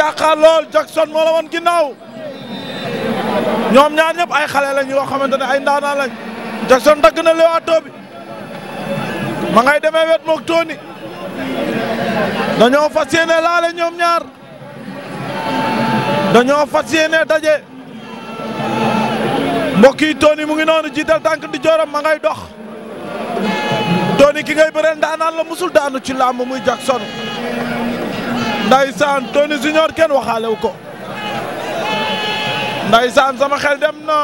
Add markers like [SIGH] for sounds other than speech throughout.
jàkkaar lool Jackson moo la woon ginnaaw ñoom ñaar ñëpp ay xale lañ yoo xamante ne ay ndaanaan lañ Jackson dagg na lewaatoo bi ma ngay demee wet moog Tony dañoo fas yéene laale ñoom ñaar dañoo fas yéene daje mbokk yi mu ngi noonu jiital tànk di jooram ma ngay dox Tony ki ngay bëreel ndaanaan la musul daanu ci làmb muy Jackson ndaysaan Tony Junior kenn waxaalew wu ko ndaysaan sama xel dem na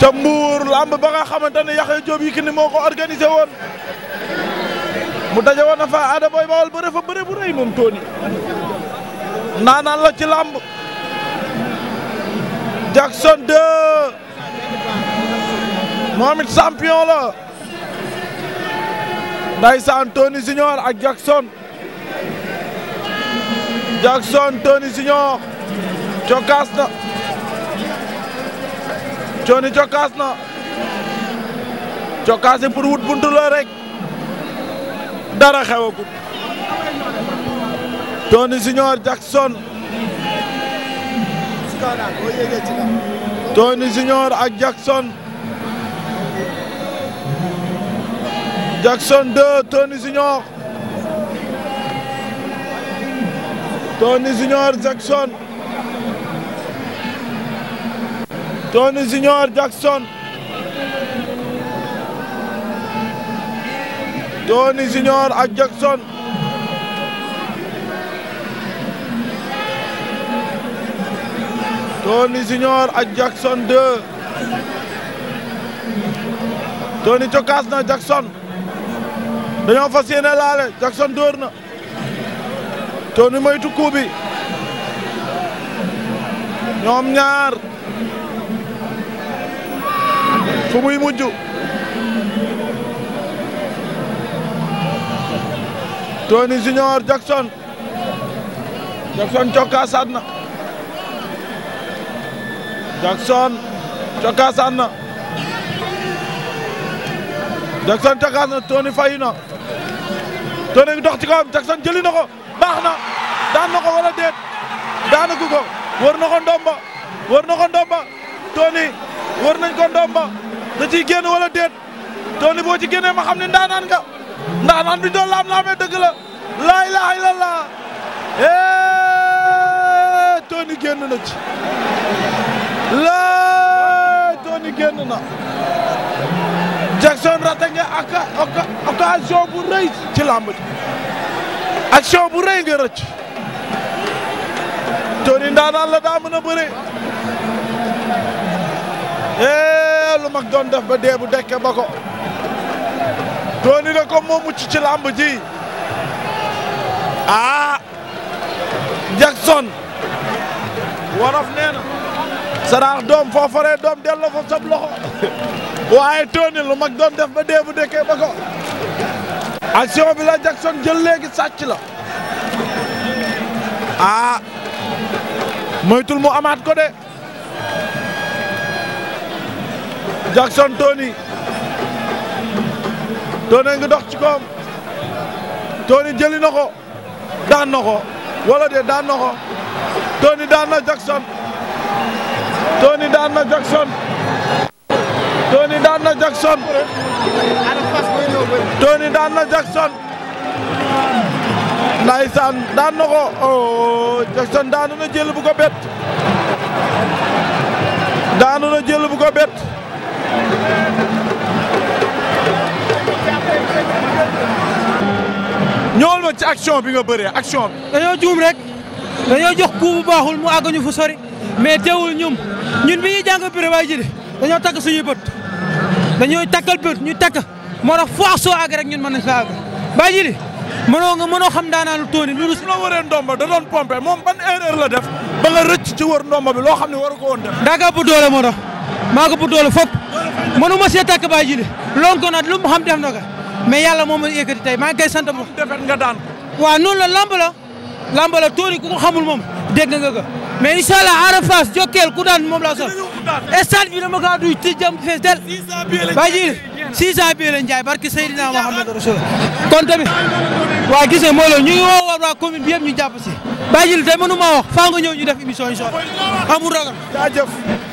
ca Mbour lamb ba nga xamante ne Yaxya Joob Yékini moo ko organisé woon mu daje woon na fa Ada Boy Baol fa bëre bu rëy moom Tony naanaan la ci làmb Jackson 2 moom it champion la ndaysaan Tony Junior ak Jackson Jackson Tony Junior cokkaas na Tony cokkaas na cokkaas pour wut buntu la rek dara xewagut Tony Junior Jackson Tony Junior ak Jackson Jackson 2 Tony Junior Tony Junior Jackson Tony Junior Jackson Tony Junior ak Jackson Tony Junior ak Jackson 2 Tony cokaas Jackson dañoo fas laale Jackson dóor Tony moytu coup ñoom ñaar fu muy mujj Tony Junior Jackson Jackson cokkaasaat na Jackson cokkaasaat na Jackson cokkaas na Tony fayu na Tony dox ci kawam Jackson jëli na baax na daan na ko wala déet daanagu ko war na ko ndomba war na ndomba Tony war nañ ko ndomba da ciy génn wala déet Tony boo ci génnee ma xam ne ndaanaan nga ndaanaan bi doon laam-laamee dëgg la laa ilaha illallah eh Tony génn na ci laa na Jackson raté nga ak occasion bu rëy ci làmb ji action bu rëy nga rëcc Tony ndaanaan la daa mën a bare ee eh, lu mag doon def ba dee bu dekke ba ko Tony ko moo mucc ci làmb ji aa ah, Jackson waraf nee na saraax doom foo faree doom delloo ko sab loxo [LAUGHS] waaye Tony lu mag doon def ba dee bu dekkee ba ko action bi la Jackson jël léegi sàcc la ah moytul mu amaat ko de Jackson Tony Tony ngi dox ci koom Tony jëli na ko daan na ko wala de daan na ko Tony daan na Jackson Tony daan na Jackson Tony daana na Jackson Tony daan na Jackson ndaysaan daan na ko oh Jackson daanu na jël bu ko bett ma ci action bi nga bëree action bi. dañoo juum rek dañoo jox coup bu mu àgguñu fu sori mais teewul ñum ñun bi ñuy jàng bëre waaye ji dañoo takk suñuy bët. dañooy takkal bët ñu takk moo tax foo ak soo àgg rek ñun mën nañ fa àgg baa jili mënoo nga xam daanaa lu tóoni loolu su la waree ndomba da doon pompé moom ban erreur la def ba rëcc ci wër ndomba bi loo xam ne waru ko woon def daaga bu doole moo tax maa ko bu doole fopp mënu ma see takk baa jili ko naat lu mu xam def na ko mais yàlla moom ma yëkkati tey maa ngi koy sant moom defet nga daan waaw noonu la lamb la lamb la tóoni ku nga xamul moom dégg nga ko mais incha allah stade bi dama kaa duy ci jëm fees del ba jil six cent billets lañ jaay barki Seydina Mouhamadou Rasoul waa gis nga moo loolu ñu ngi woo war waa commune bi ñu jàpp si ba jil te mënu maa wax faa nga ñëw ñu def émission incha allah amul ragal